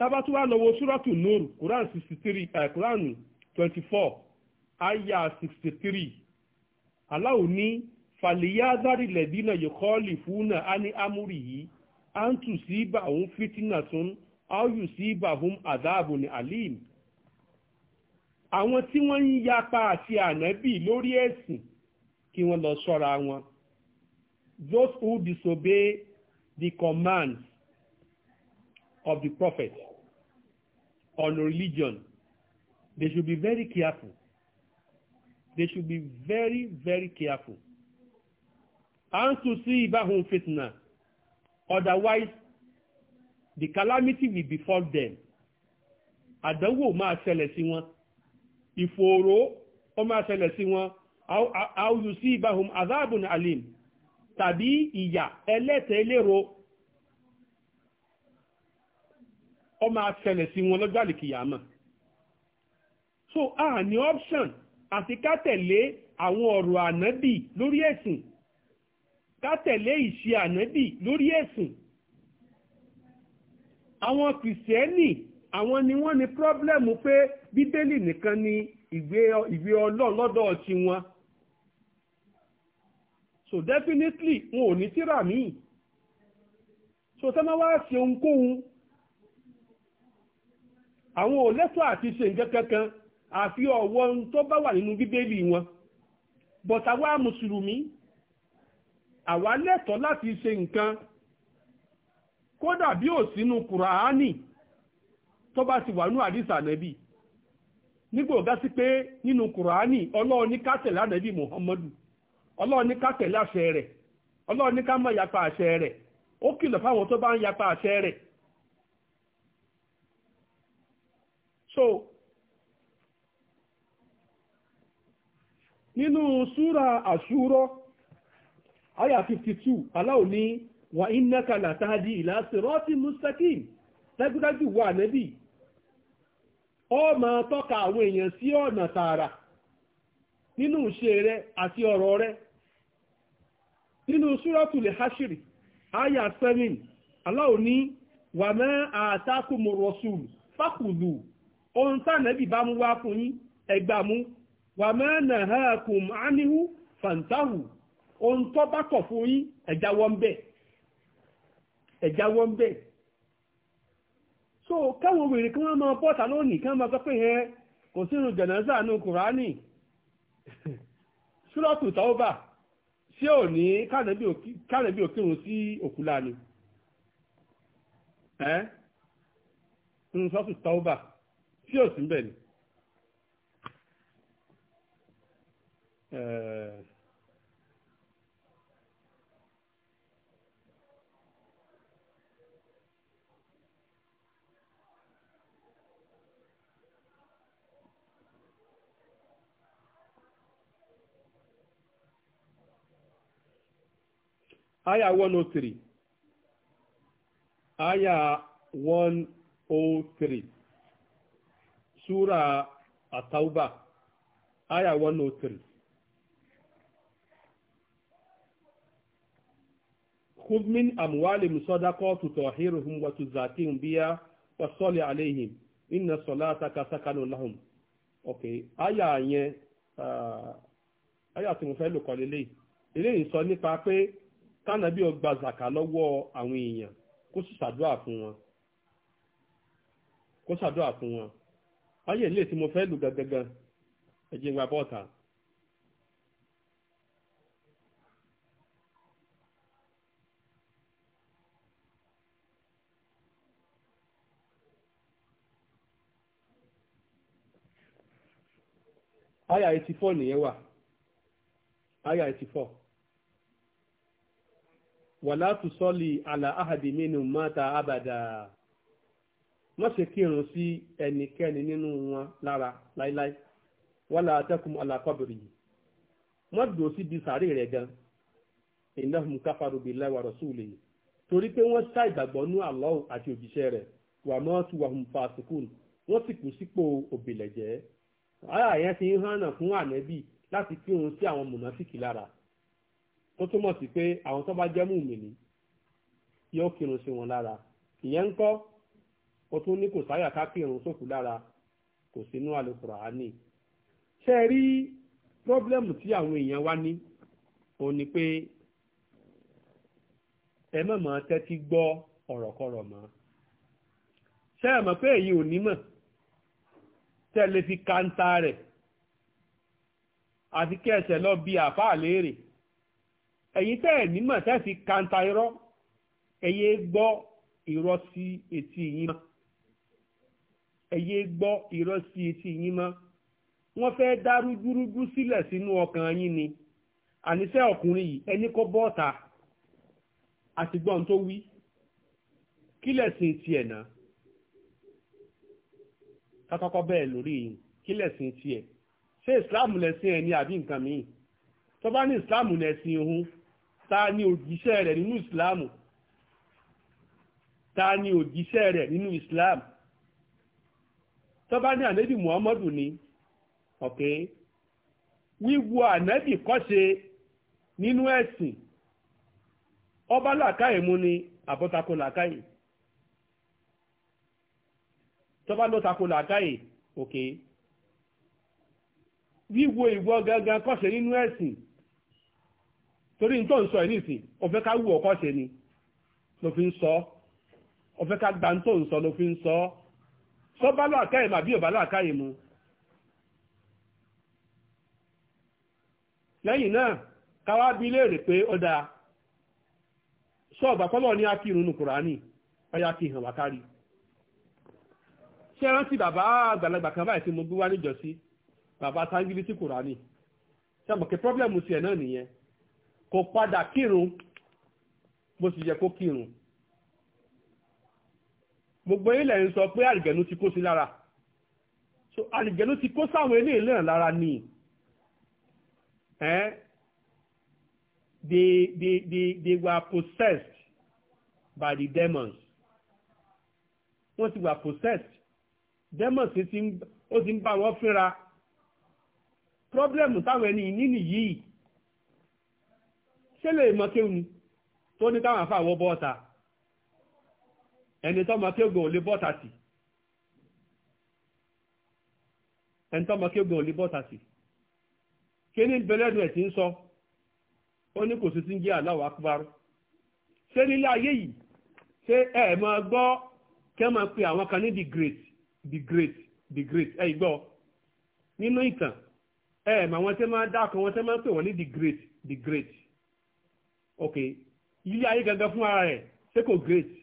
tábàtú wà lọ́wọ́ súrọ́tù nùr quran sixty three eh, quran twenty four aya sixty three aláwo ní fàlìyáàdárì lẹ́dínà yòókọ́ọ̀lì fúnà á ní yìí á ń òun fìtínà tún á yù sí ibà òun alim. àwọn tí wọ́n ń yapa àti ànábì lórí ẹ̀sìn kí wọ́n lọ ṣọ́ra wọn. those who disobey the commands of the prophet on religion, they should be very careful. They should be very, very careful. And to see Ibahun fitna. Otherwise, the calamity will befall them. Àdánwò máa ṣẹlẹ̀ sí wọn. Ìfòòró ó máa How you see Ibahun Azabun Alim iya ìyà elero. ọ máa ṣẹlẹ̀ sí wọn lọ́jọ́ àlìkìyàmọ̀ so a ní option àti ká tẹ̀lé àwọn ọ̀rọ̀ ànábì lórí ẹ̀sìn ká tẹ̀lé ìṣe ànábì lórí ẹ̀sìn àwọn kìrìsìtẹ́nì àwọn ni wọ́n ní pírọ́blẹ́mù pé bíbélì nìkan ni ìwé ọlọ́run lọ́dọ̀ tiwọn so definitely wọn ò ní tírà míì so tẹ́lẹ̀ wá ṣe ohunkóhun àwọn ò lẹ́tọ̀ọ́ àti ṣe nǹkan kankan àfi ọ̀wọ́ ohun tó bá wà nínú bíbélì wọn but àwa mùsùlùmí àwa lẹ́tọ̀ọ́ láti ṣe nǹkan kódà bí ò sínú kùràánì tó bá ti wà nínú àdìsá nẹ́bì nígbò ga pé nínú kùràánì muhammadu ọlọ́run ní asere tẹ̀lé àṣẹ rẹ̀ ọlọ́run ká má yapa àṣẹ rẹ̀ ó kìlọ̀ fáwọn tó bá ń yapa àṣẹ rẹ̀ so nínú súra àṣúrọ́ ayà 52 aláwò ní wà innaka látàdí ìlà sirati mustaqim dájúdájú wà nẹ́bì ó máa tọ́ka àwọn èèyàn sí ọ̀nà tààrà nínú ìṣe rẹ àti ọ̀rọ̀ rẹ nínú súratul hashiri àyà 7 aláwò ní wà ma atakumur rasul fákùlù ohun tánàbì bá mú wá fún yín ẹgbà mú wà mẹ́nà hàkùn áníhù fàǹtàhù ohun tó bá kọ̀ fún yín ẹ̀jáwọ́ ń bẹ̀ ẹ̀jáwọ́ ń bẹ̀ so káwọn obìnrin kí wọ́n máa bọ́ta lónìí kí wọ́n máa sọ pé yẹn kò sínú jẹ̀nẹ́sà nù kùránì ṣúlọ́tù tọ́ọ́bà tí ò ní kánàbí òkírun sí òkú lánìí ẹ́ ń sọ́tù tọ́ọ́bà tí ò sí bẹ́ẹ̀ ni. Eh, aya 103. Aya 103. Sura At-Tauba, aya 103. خذ من أموالهم صدقة تطهرهم وتزكيهم بها وصل عليهم إن صلاتك سكن لهم. Okay, aya yẹn ah, aya tí mo fẹ́ lò kọ́ lélẹ́yìí. Eléyìí sọ nípa pé kánàbí ó gba zàkà lọ́wọ́ àwọn èèyàn kó ayé ilé tí mo fẹ́ lù gangan ẹ̀jẹ̀ ìwà bọ́ọ̀tà. aya eighty four nìyẹn wà aya eighty four wàlá tùsọ́lì àlà áhàdì mínú mọ́ta abàdà. má ṣe kírun sí ẹnikẹ́ni nínú wọn lára láíláí wala takum ala qabrihi má dùn síbi sàárè rẹ̀ gan innahum kafaru billahi wa rasulihi torí pé wọ́n ṣá ìgbàgbọ́ nú Allah àti òjíṣẹ́ rẹ̀ wa wa hum fasikun wọ́n sì kú sípò òbílẹ̀jẹ́ ara yẹn ti ń hànà fún ànẹ́bì láti kírun sí àwọn mùnàfíkì lára tó túmọ̀ sí pé àwọn tó bá jẹ́ mùmìnì yóò kírun sí wọn lára ìyẹn ń ó tún ní kò sáyà kákìrún sókù lára kò sínú àlùkùránì ṣe rí pírọ́blẹ́mù tí àwọn èèyàn wá ní òun ni pé ẹ mọ̀ mọ́ tẹ́tí gbọ́ ọ̀rọ̀kọ̀rọ̀ mọ́ ṣe é mọ̀ pé èyí ò ní mọ̀ tẹ́ lè fi kanta rẹ̀ àti kẹsẹ̀ lọ bí àfáà léèrè ẹ̀yin tẹ́ ẹ̀ nímọ̀ tẹ́ fi kanta irọ́ ẹ̀yẹ gbọ́ irọ́ etí yín mọ́ ẹ̀yẹ gbọ́ ìrọ́sí etí yín mọ́ wọ́n fẹ́ dá rúgúrúgú sílẹ̀ sínú ọkàn yín ni àníṣẹ́ ọkùnrin yìí ẹni kó bọ́ọ̀ta àti gbọ́n tó wí kílẹ̀ sìn tiẹ̀ náà kákọ́kọ́ bẹ́ẹ̀ lórí yìí kílẹ̀ sìn tiẹ̀ ṣé ìsìláàmù lẹ́sìn ẹni àbí nǹkan míì tó ní ìsìláàmù lẹ́sìn òun ta ni òjíṣẹ́ rẹ̀ nínú ìsìláàmù ta ni òjíṣẹ́ rẹ̀ nínú ìsìláàmù tó bá ní ànábì muhammadu ni ok wíwo ànábì kọ́ṣe nínú ẹ̀sìn ọba làkàyè mu ni àbọ̀tako làkàyè tó bá lọ́tako làkàyè ok wíwo ìwọ gangan kọ́ṣe nínú ẹ̀sìn torí n tó ń sọ ẹ̀ nísìn ó ká wù ọ́ kọ́ṣe ni ló fi ń sọ ó fẹ́ ká gbà ń tó ń sọ ló fi ń sọ ọ́. sọ bá làákàyè ma bio ò bá làákàyè mu lẹ́yìn náà káwá bí léèrè pé ó dáa sọ́ọ̀bà pọ́lọ̀ ní akírun nù kùránì ọya kí hàn wá wákárí ṣé rántí bàbá àgbàlagbà kan báyìí tí mo gbé wá níjọ́sí bàbá tángílì sí kùránì sàmọ̀kẹ́ pọ́blẹ̀mù tiẹ̀ náà nìyẹn kò padà kírun bó sì yẹ kó kírun gbogbo ilẹ̀ ń sọ pé àlìjẹ̀nú ti kó sí lára so àlìjẹ̀nú ti kó sáwọn eléyìí náà lára ni eh? they, they, they, they were possessed by the demons wọ́n ti wà possessed demons ti ń ó ti ń bá wọn fínra problem táwọn ẹni yìí nìyí ṣé lè mọ kéwù ni tó ní káwọn àfa àwọ ẹni tọ́mọ kéògùn ò lè bọ́ta sí ẹni tọ́mọ kéògùn ò lè bọ́ta sí kí ní bẹ̀rẹ̀ ẹ̀ ti ń sọ ó ní kò sí ti ń jẹ́ Allahu Akbar ṣé nílé ayé yìí ṣé ẹ máa gbọ́ kẹ́ máa pe àwọn kan ní the great the great the great ẹ gbọ́ nínú ìtàn ẹ mà wọ́n tẹ́ máa dákọ̀ wọ́n tẹ́ máa pè wọ́n ní the great the great ok ilé ayé gangan fún ara rẹ̀ ṣé kò great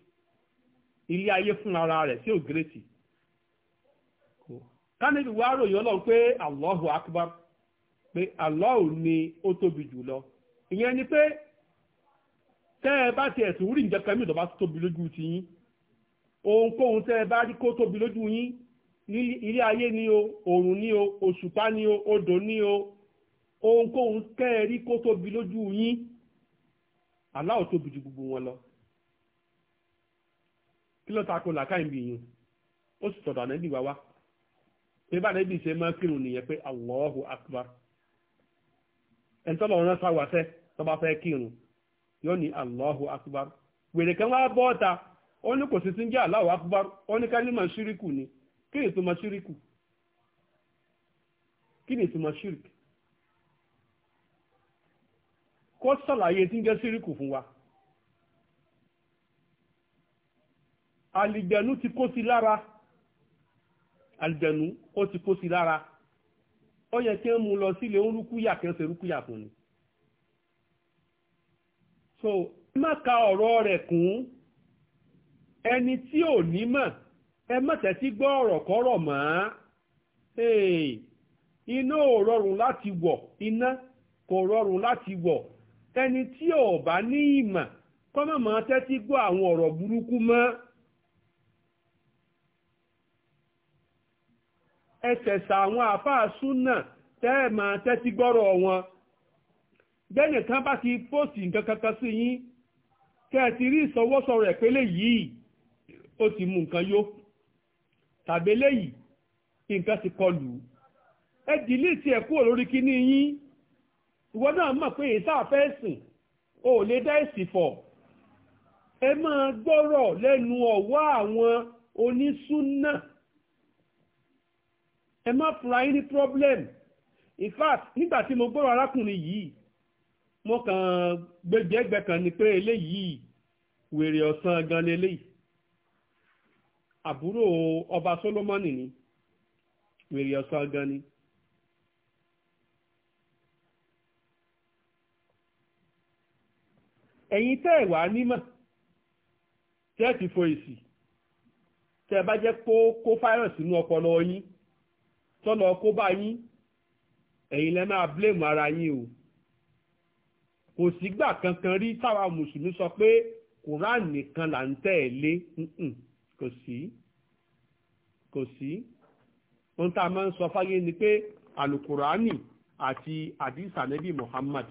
ilé ayé fún ara rẹ̀ sí ògírètì kánẹ́bì wá ròyìn ọlọ́run pé Allahu akbar pé Allahu ni ó tóbi ìyẹn ni pé tẹ́ ẹ bá ti ẹ̀sùn rí nǹkan kan mi tóbi lójú ti yín ohunkóhun tẹ́ ẹ bá rí kó tóbi lójú yín ilé ayé ni o òrùn ni o òṣùpá ni o odò ni o ohunkóhun tẹ́ ẹ rí kó tóbi lójú yín Allahu tóbi ju gbogbo kí ló tako làákàyè bí yín ó sì tọ̀dọ̀ ànábì wá wá pé bá ànábì ṣe máa kírun nìyẹn pé Allahu akbar ẹni tọ́lọ̀ rán sáwàṣẹ́ tó bá fẹ́ kírun yóò ní Allahu akbar wèrè kan wá bọ́ ọ̀ta ó ní kò sí ti ń jẹ́ Allahu akbar ó ní ni kí ni ìtumọ̀ ṣíríkù kí ni ìtumọ̀ ṣíríkù kó tí ń jẹ́ ṣíríkù fún wa. àlìjẹ̀nú ti kó sí lára ti kó sí lára ó yẹ kí ń mú lọ sílé ó rúkúyà kí ń rúkúyà fún ni. so ẹ ka ọ̀rọ̀ rẹ̀ kún ẹni tí ò ní mọ̀ ẹ má gbọ́ ọ̀rọ̀ kọ́rọ̀ mọ́ iná ò rọrùn láti wọ̀ iná kò ẹni tí ò bá ní ìmọ̀ kọ́mọ̀mọ́ tẹ́tí gbọ́ àwọn ọ̀rọ̀ burúkú ẹ tẹ̀sà àwọn àfáà súnà tẹ́ ẹ̀ máa tẹ́tí gbọ́rọ̀ wọn bẹ́nìkan bá ti póòsì nǹkan kankan sí yín kẹ́ ẹ ti rí yi. o pé ó ti mú nǹkan yó tàbí léyìí nǹkan ti kọlù ẹ dìlítì ẹ̀ kúrò lórí kíní yín ìwọ náà mọ̀ pé èyí sáfẹ́ sìn o ò lè dá èsì fọ̀ ẹ máa gbọ́rọ̀ lẹ́nu ọ̀wọ́ àwọn ẹ má fura yín ní problem in fact nígbà tí mo gbọ́rọ̀ arákùnrin yìí mo kàn gbẹgbẹgbẹ kan ni pé eléyìí wèrè ọ̀sán gan leléyìí àbúrò ọba Solomoni ni wèrè ọ̀sán gan ni. ẹ̀yin tẹ́ ẹ̀ wá nímọ̀ tẹ́ ẹ̀ ti fo èsì tẹ́ ẹ bá jẹ́ kó kó fáírọ̀ sínú ọpọlọ yín tọ́lọ kó bá yín ẹ̀yin lẹ máa blame ara yín o kò sígbà kankan rí táwa mùsùlùmí sọ pé quran nìkan là ń tẹ̀lé kò sí kò sí ohun tá a máa ń sọ fáyé ni pé alukurani àti àdìsí ànábì muhammad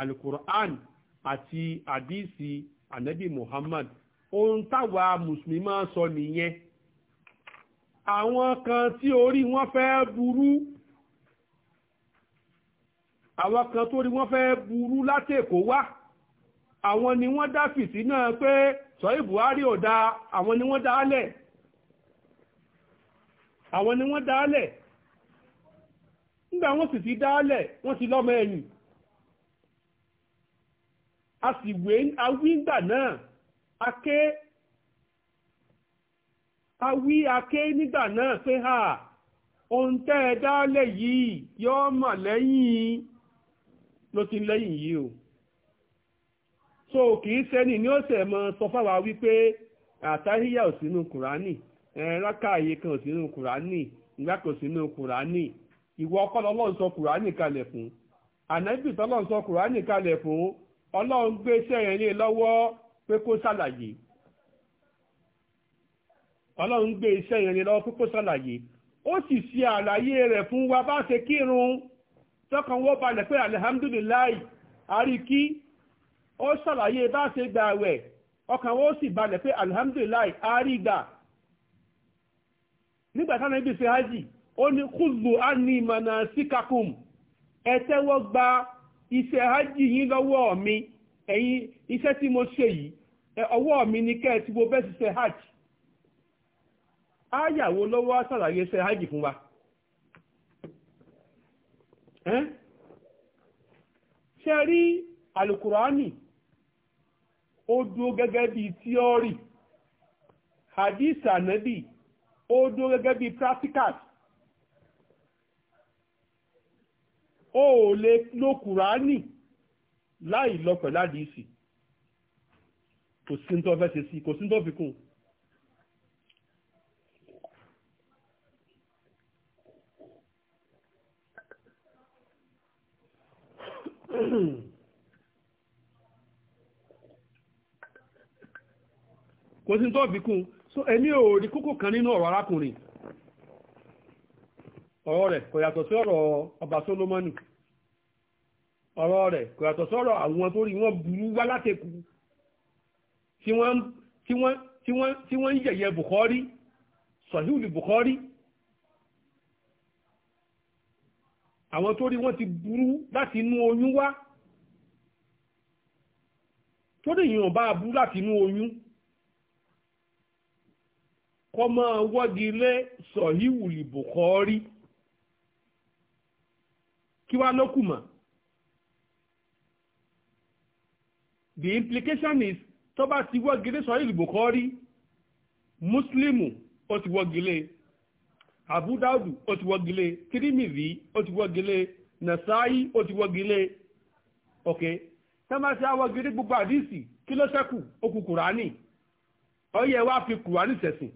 alukurani àti àdìsí ànábì muhammad ohun táwa mùsùlùmí máa ń sọ nìyẹn àwọn kan tí orí wọn fẹ́ burú àwọn kan tó rí wọn fẹ́ burú látèkó wá àwọn ni wọ́n dá fìtí náà pé sọ́yí Buhari ò da àwọn ni wọ́n dálẹ̀ àwọn ni wọ́n dálẹ̀ nígbà wọ́n sì ti dálẹ̀ wọ́n ti lọ́mọ ẹ̀yìn a sì wé awíngbà náà a ké a wí aké nígbà náà pé ha ohun tẹ́ ẹ dálẹ̀ yìí yọ́ mà lẹ́yìn ló ti lẹ́yìn yìí o so kì í sẹ́ni ní ọ̀sẹ̀ mọ sọ fáwa wípé àtàríyà ò sínú kùránì ẹ̀ẹ́ráka àyè kan ò sínú kùránì ìgbà kan ò sínú kùránì ìwọ ọkọ lọ́lọ́run sọ kùránì kalẹ̀ fún ànábì tọ́lọ́run sọ kùránì kalẹ̀ fún ọlọ́run gbé iṣẹ́ yẹn lé e lọ́wọ́ pé kó ṣàlàyé ọlọ́run gbé iṣẹ́ yẹn lọ kókó sàlàyé ó sì ṣe àlàyé rẹ̀ fún wa bá ṣe kírun tọkàn wọ́n balẹ̀ pé alihamudulilayi àríkí ó sàlàyé bá ṣe gbààwẹ̀ ọkàn wọ́n sì balẹ̀ pé alihamudulilayi àrígbà nígbà táwọn ibi ṣe hajj ó ní kúlù ánìmọ̀nà síkàkùn ẹ gba iṣẹ́ hajj yín lọ́wọ́ mi ẹ̀yin iṣẹ́ tí mo ṣe yìí ọwọ́ mi ni kẹ́ wo bẹ́ẹ̀ ṣiṣẹ́ hajj áyàwó lọ́wọ́ ṣàlàyé iṣẹ́ hajj fún wa ṣe rí alukurani ó dúró gẹ́gẹ́ bí tíọ́rì hadith anabi ó dúró gẹ́gẹ́ bí practicals ó ò lè lo kùránì láì lọ pẹ̀lú àdìsí kò sí ní tó fẹ́ sí kò sí ní tó fi kún un kò so èmi ò rí kan nínú ọ̀rọ̀ arákùnrin ọ̀rọ̀ rẹ̀ kò yàtọ̀ sí ọ̀rọ̀ ọba Solomoni ọ̀rọ̀ rẹ̀ kò yàtọ̀ sọ́rọ̀ àwọn tó rí wọ́n burú wá látẹ̀kù tí wọ́n ń Bukhari àwọn tó wọ́n ti burú láti inú oyún wá tó èèyàn bá burú láti inú oyún kọ́ máa wọ́gi lé sọ̀híwùlì bùkọ́rí kí wá lókùmọ̀ the implication is tó bá ti wọ́gi lé sọ̀híwùlì bùkọ́rí múslímù ó ti wọ́gi abudaudu ó ti wọ́gilé tirimizi ó ti wọ́gilé nasaayi ó ti wọ́gilé ok tẹ́másí awọ́gilé gbogbo àdìsí kí ló ṣẹ́kù ó kù kùránì ó yẹ wá fi kùránì ṣẹ̀sìn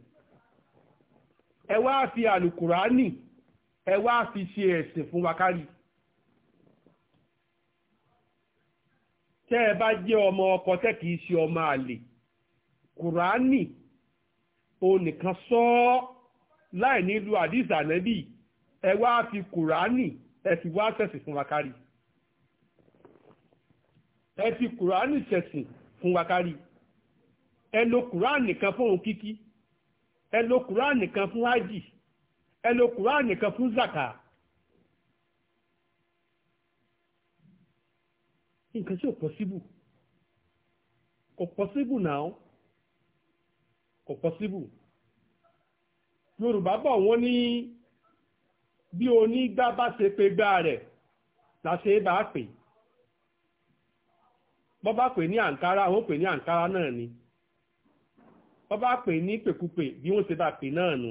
ẹ wá fi àlùkùránì ẹ wá fi ṣe ẹ̀sìn fún wa kárí. ẹ bá jẹ́ ọmọ ọkọ tẹ́ kìí ṣe ọmọ àlè kùránì onìkan sọ ọ́ láì ní lu àdìsí ànábì ẹ wá fi kùránì ẹ fi wá ṣẹ̀sìn fún wa kárí ẹ fi kùránì ṣẹ̀sìn fún wa kárí ẹ kùránì nìkan fún òun kíkí ẹ kùránì nìkan fún ájì ẹ kùránì nìkan fún zaka nǹkan tí ò pọ́síbù kò pọ́síbù náà kò pọ́síbù yorùbá bọ̀ wọ́n ní bí onígbá bá ṣe pe gbá rẹ̀ láṣẹ bá pè bọ́ bá pè ní àǹkárá wọ́n pè ní àǹkárá náà ni bọ́ bá pè ní pèkúpè bí wọ́n ṣe bá pè náà nu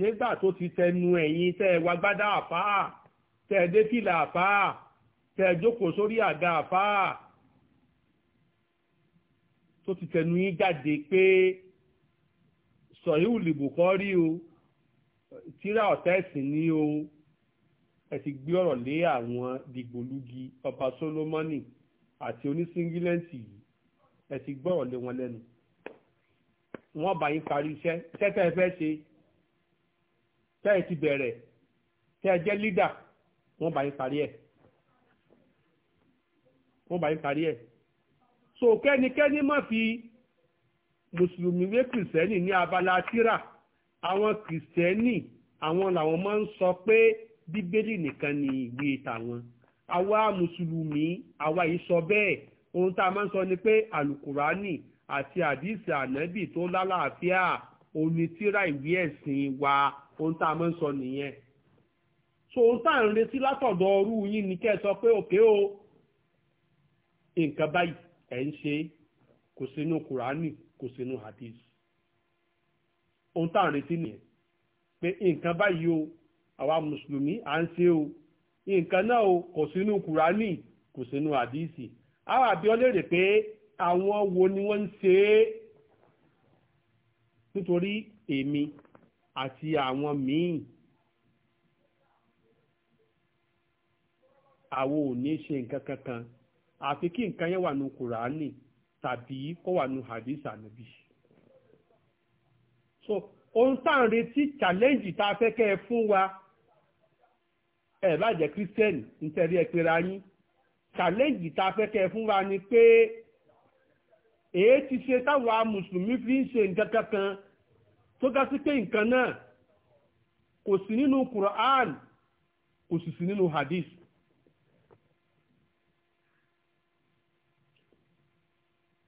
nígbà tó ti tẹnu ẹ̀yìn tẹ́ ẹ wagbádá àfáà tẹ́ ẹ dé àfáà tẹ́ ẹ jókòó sórí àga àfáà tó ti tẹnu yín jáde pé sọ̀yíwù lìbùkọ́rí o tíra ọ̀tá ẹ̀sìn ní o ẹ ti gbé ọ̀rọ̀ lé àwọn dìgbòlugi ọba solomoni àti onísingilẹ́ǹtì yìí ẹ ti gbọ́rọ̀ lé wọn lẹ́nu wọ́n bá yín parí iṣẹ́ iṣẹ́ tẹ́ ẹ fẹ́ ṣe tẹ́ ti bẹ̀rẹ̀ tẹ́ jẹ́ lídà wọ́n bá yín parí ẹ̀ wọ́n bá yín parí ẹ̀ so kẹ́nikẹ́ni má fi mùsùlùmí wé kìrìsẹ́nì ní abala tírà àwọn kìrìsẹ́nì àwọn làwọn máa ń sọ pé bíbélì nìkan ni ìwé tàwọn àwa mùsùlùmí àwa yìí sọ bẹ́ẹ̀ ohun tá a máa ń sọ ni pé àlùkùránì àti àdìsí ànábì tó lálàáfíà òní ìwé ẹ̀sìn wa ohun tá a máa ń sọ nìyẹn so ohun tá à ń retí látọ̀dọ̀ ọrú yín ni kẹ́ ẹ sọ pé òkè o nǹkan báyìí ẹ̀ ń ṣe kò sínú kùránì kò sínú hadith ohun tá à ń retí nìyẹn pé nǹkan báyìí o àwa mùsùlùmí à ń ṣe o nǹkan náà o kò sínú kùránì kò sínú hadith àwọn àbí ọ pé àwọn wo ni wọ́n ń ṣe é nítorí èmi àti àwọn míì àwọn ò ní ṣe nǹkan kankan àfi kí nǹkan yẹn wà ní kùránì tàbí kó wà nù hadith ànábì so ohun tá à ń retí challenge tá a fẹ́ kẹ́ ẹ fún wa ẹ bá jẹ́ kírísítẹ́nì nítorí ẹ yín challenge tá a fẹ́ kẹ́ ẹ fún wa ni pé èyí ti ṣe táwa mùsùlùmí fi ń ṣe nǹkan kankan tó ga sí pé nǹkan náà kò sí nínú Quran kò sì sí nínú hadith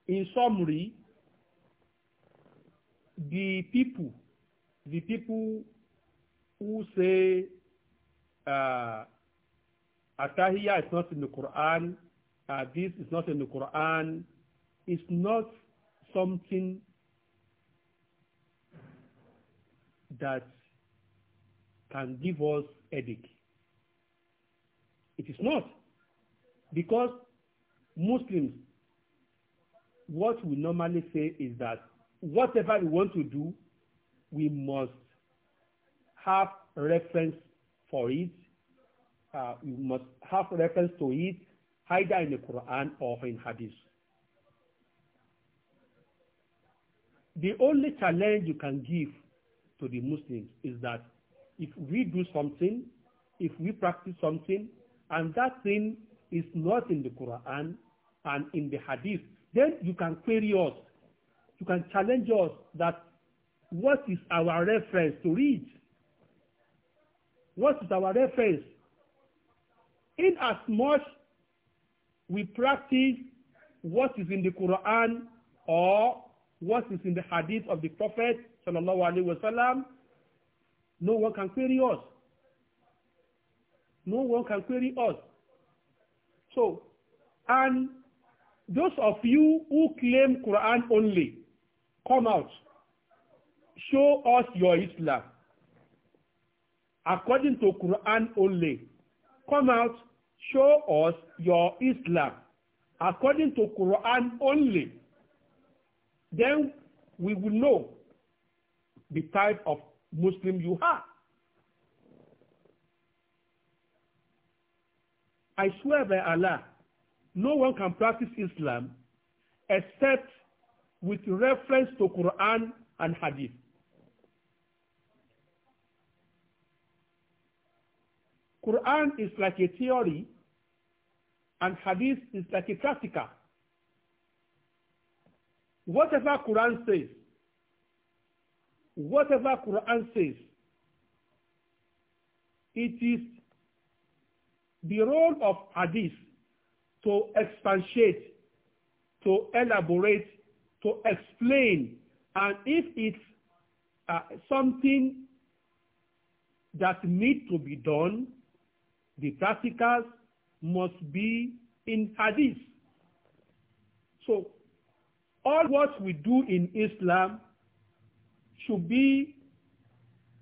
In summary, the people, the people who say uh, Atahiyya is not in the Quran, uh, this is not in the Quran, is not something that can give us headache. It is not. Because Muslims what we normally say is that whatever we want to do, we must have reference for it. Uh, we must have reference to it either in the Quran or in Hadith. The only challenge you can give to the Muslims is that if we do something, if we practice something, and that thing is not in the Quran and in the Hadith Then you can query us. You can challenge us that what is our reference to read? What is our reference? In as much we practice what is in the Quran or what is in the hadith of the Prophet sallallahu alaihi wasallam, no one can query us. No one can query us. So, and Those of you who claim Quran only, come out. Show us your Islam. According to Quran only, come out. Show us your Islam. According to Quran only. Then we will know the type of Muslim you are. I swear by Allah, no one can practice Islam except with reference to Quran and Hadith. Quran is like a theory and Hadith is like a practical. Whatever Quran says, whatever Quran says, it is the role of Hadith to expatiate, to elaborate, to explain, and if it's uh, something that needs to be done, the practicals must be in hadith. So, all what we do in Islam should be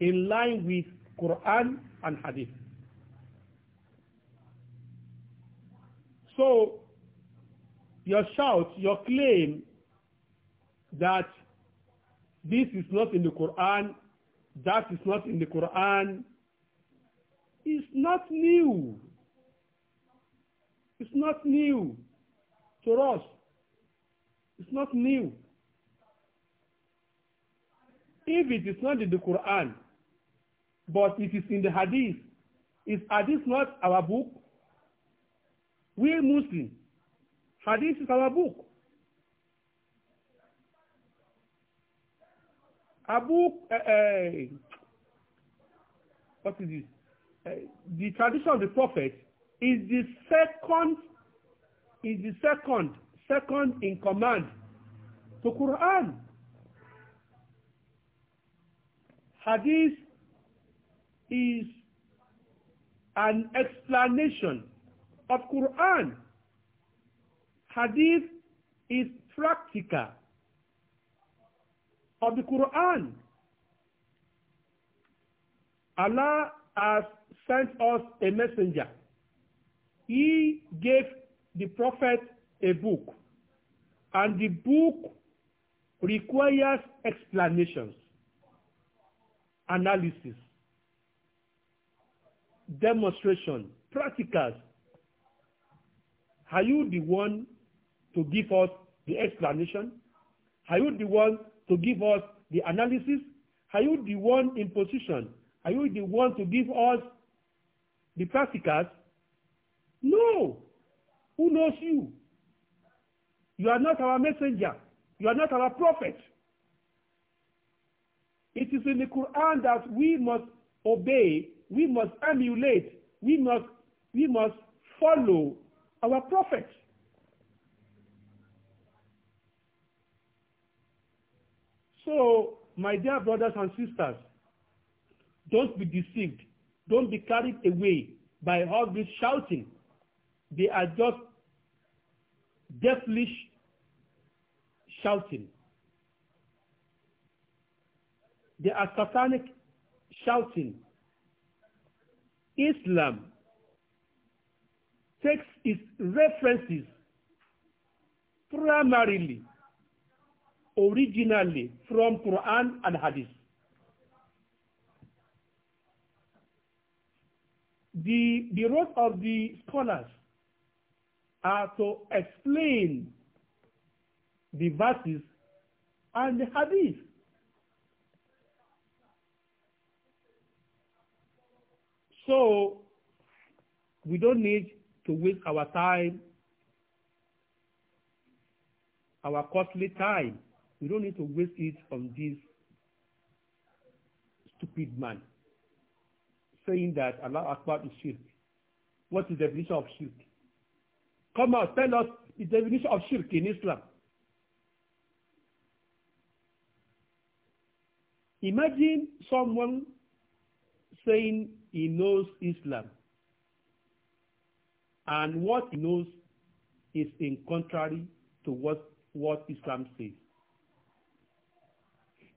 in line with Quran and hadith. So, your shout, your claim that this is not in the Quran, that is not in the Quran, is not new. It's not new to us. It's not new. If it is not in the Quran, but it is in the Hadith, is Hadith not our book? We Muslim, Hadith is our book. A book, uh, uh, what is this? Uh, eh, the tradition of the prophet is the second, is the second, second in command to Quran. Hadith is an explanation of Quran. Hadith is practical of the Quran. Allah has sent us a messenger. He gave the prophet a book, and the book requires explanations, analysis, demonstration, practicals, Are you the one to give us the explanation? Are you the one to give us the analysis? Are you the one in position? Are you the one to give us the practicals? No. Who knows you? You are not our messenger. You are not our prophet. It is in the Quran that we must obey, we must emulate, we must, we must follow our prophet. So, my dear brothers and sisters, don't be deceived. Don't be carried away by all this shouting. They are just devilish shouting. They are satanic shouting. Islam takes its references primarily, originally from Quran and Hadith. The, the role of the scholars are to explain the verses and the hadith. So, we don't need to waste our time, our costly time. We don't need to waste it on this stupid man saying that Allah Akbar is shirk. What is the definition of shirk? Come on, tell us the definition of shirk in Islam. Imagine someone saying he knows Islam and what he knows is in contrary to what, what Islam says.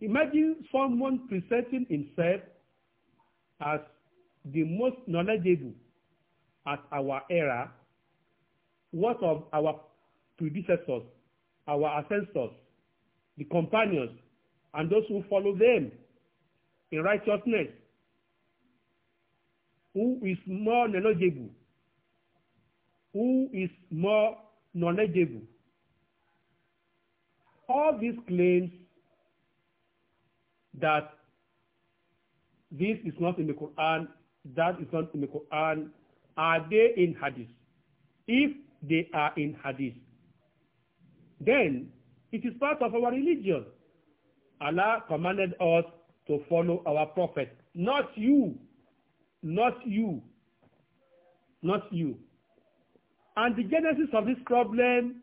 Imagine someone presenting himself as the most knowledgeable at our era, what of our predecessors, our ancestors, the companions, and those who follow them in righteousness, who is more knowledgeable who is more knowledgeable. All these claims that this is not in the Quran, that is not in the Quran, are they in Hadith? If they are in Hadith, then it is part of our religion. Allah commanded us to follow our prophet, not you, not you, not you. And the genesis of this problem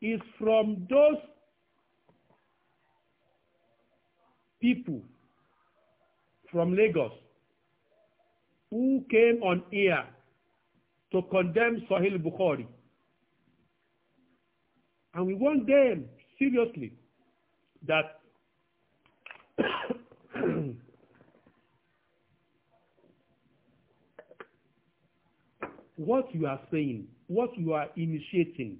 is from those people from Lagos who came on air to condemn Sahil Bukhari. And we want them seriously that what you are saying, what you are initiating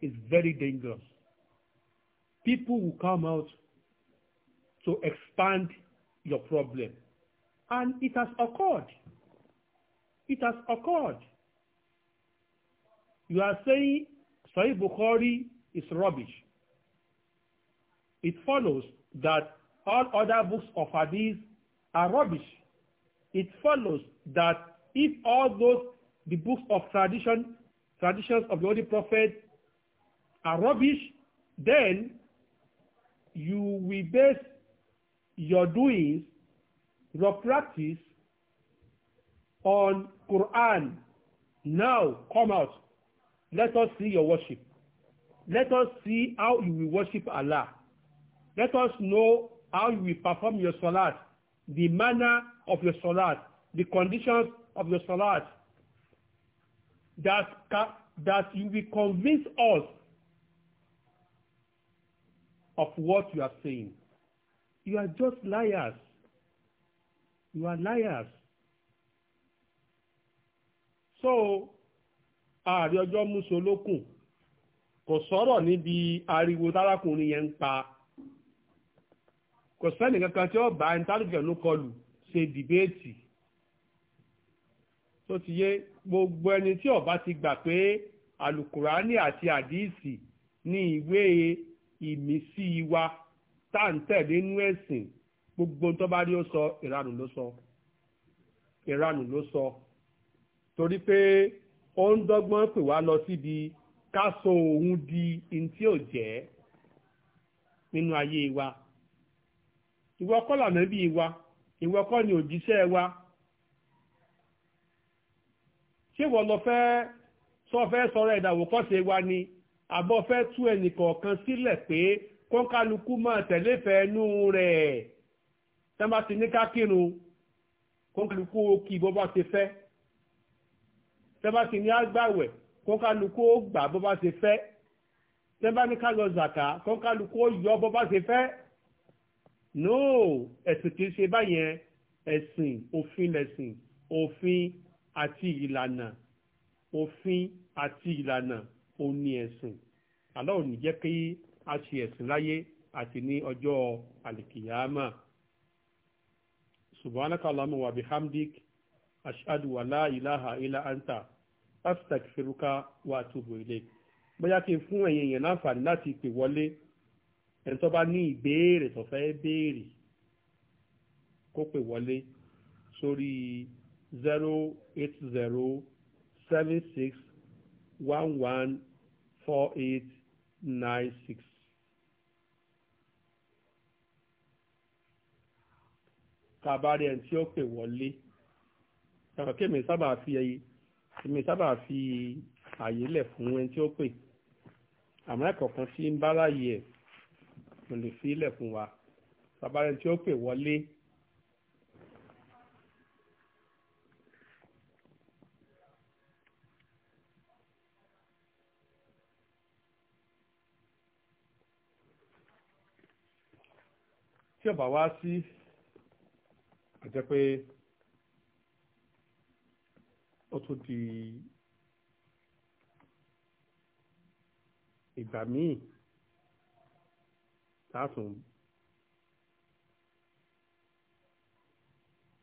is very dangerous. People will come out to expand your problem. And it has occurred. It has occurred. You are saying Sahih Bukhari is rubbish. It follows that all other books of hadith are rubbish. It follows that if all those the books of tradition, traditions of the Holy Prophet are rubbish, then you will base your doings, your practice on Quran. Now come out. Let us see your worship. Let us see how you will worship Allah. Let us know how you will perform your salat, the manner of your salat, the conditions of your salat that, that you will convince us of what you are saying. You are just liars. You are liars. So, ààrẹ ọjọ́ múso lókùn kò sọ̀rọ̀ níbi ariwo tárákùnrin yẹn ń pa kò sẹ́nì kankan tí ó bá ẹni tálùkẹ̀ ló kọlù ṣe dìbéètì tó ti yé gbogbo ẹni tí ó ti gbà pé alukurani àti àdíìsì ní ìwé ìmísí wa tá à ń tẹ̀lé inú ẹ̀sìn gbogbo tó bá rí ó sọ ìranù ló sọ ìranù ló sọ torí pé ó ń dọ́gbọ́n pè wá lọ síbi ká sọ òun di in tí ò jẹ́ nínú ayé wa ìwọ kọ́ lànà bí wa ìwọ ni òjíṣẹ́ wa ṣé wọ́n lọ fẹ́ sọ fẹ́ sọ̀rọ̀ ìdàwó kọ́ṣe wa ni àbọ̀ fẹ́ tú ẹnì kọ̀ọ̀kan sílẹ̀ pé kọ́ńkálukú máa tẹ̀lé fẹ́ẹ́nú rẹ̀ tẹ́ bá ti ní ká kírun kọ́ńkálukú kì bó bá ti fẹ́ tẹ́ bá ti ní àgbàwẹ̀ kọ́ńkálukú gbà bó bá ti fẹ́ tẹ́ bá ní ká lọ zàkà kọ́ńkálukú yọ bó bá ti fẹ́ no ẹ̀sìn kì í ṣe báyẹn ẹ̀sìn òfin lẹ̀sìn òfin àti ìlànà òfin àti ìlànà òní ẹ̀sìn Allah ò ní jẹ́ kí a ṣe ẹ̀sìn láyé àti ní ọjọ́ àlìkìyàmà subhanaka allahumma wa bihamdik ashhadu wa la ilaha illa anta astaghfiruka wa atubu ilayk bóyá kí n fún ẹ̀yin èèyàn láǹfààní láti pè wọlé ẹni tó bá ní ìbéèrè tó fẹ́ béèrè kó pè wọlé sórí. So zero eight zero seven six one one four eight nine six. tàbárí ẹni tí ó pè wọlé ẹ̀rọ kí èmi sábà fi èmi sábà fi àyè lẹ̀ fún ẹni tí ó pè àmọ́ ẹ̀kọ́ tí ń bá láàyè ẹ̀ kò lè fi lẹ̀ fún wa tàbárí ẹni tí ó pè wọlé tí ọba wá sí àjẹ pé ó tún di ìgbà míì látún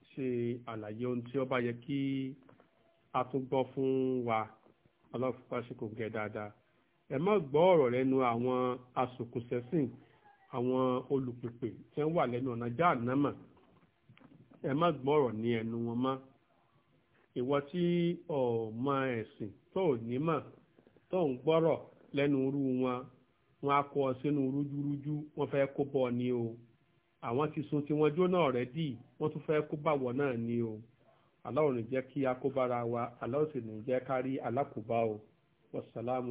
ṣe àlàyé ohun tí ó bá yẹ kí a tún gbọ́ fún wa ọlọ́fun pàṣẹ kò gẹ̀ dáadáa ẹ má gbọ́ ọ̀rọ̀ lẹ́nu àwọn asòkùnsẹ́sìn àwọn olùpèpè ẹ wà lẹ́nu ọ̀nà jáànámà ẹ má gbọ́rọ̀ ní ẹnu wọn mọ́ ìwọ tí ò mọ ẹ̀sìn tó ò ní mọ̀ tó ń gbọ́rọ̀ lẹ́nu irú wọn wọn á kó ọ sínú rújúrújú wọn fẹ́ kó bọ́ ọ ní o àwọn ti sun tí wọ́n jóná ọ̀rẹ́dì wọ́n tún fẹ́ kó bàwọ̀ náà ní o aláwọ̀ ní jẹ́ kí akóbára wa aláwọ̀ sì ní jẹ́ kárí alákòóbá o wasalaamu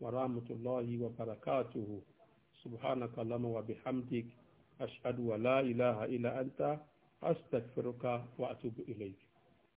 wa rahmatulahi wa barakatuhu. سبحانك اللهم وبحمدك أشهد ولا إله إلا أنت أستغفرك وأتوب إليك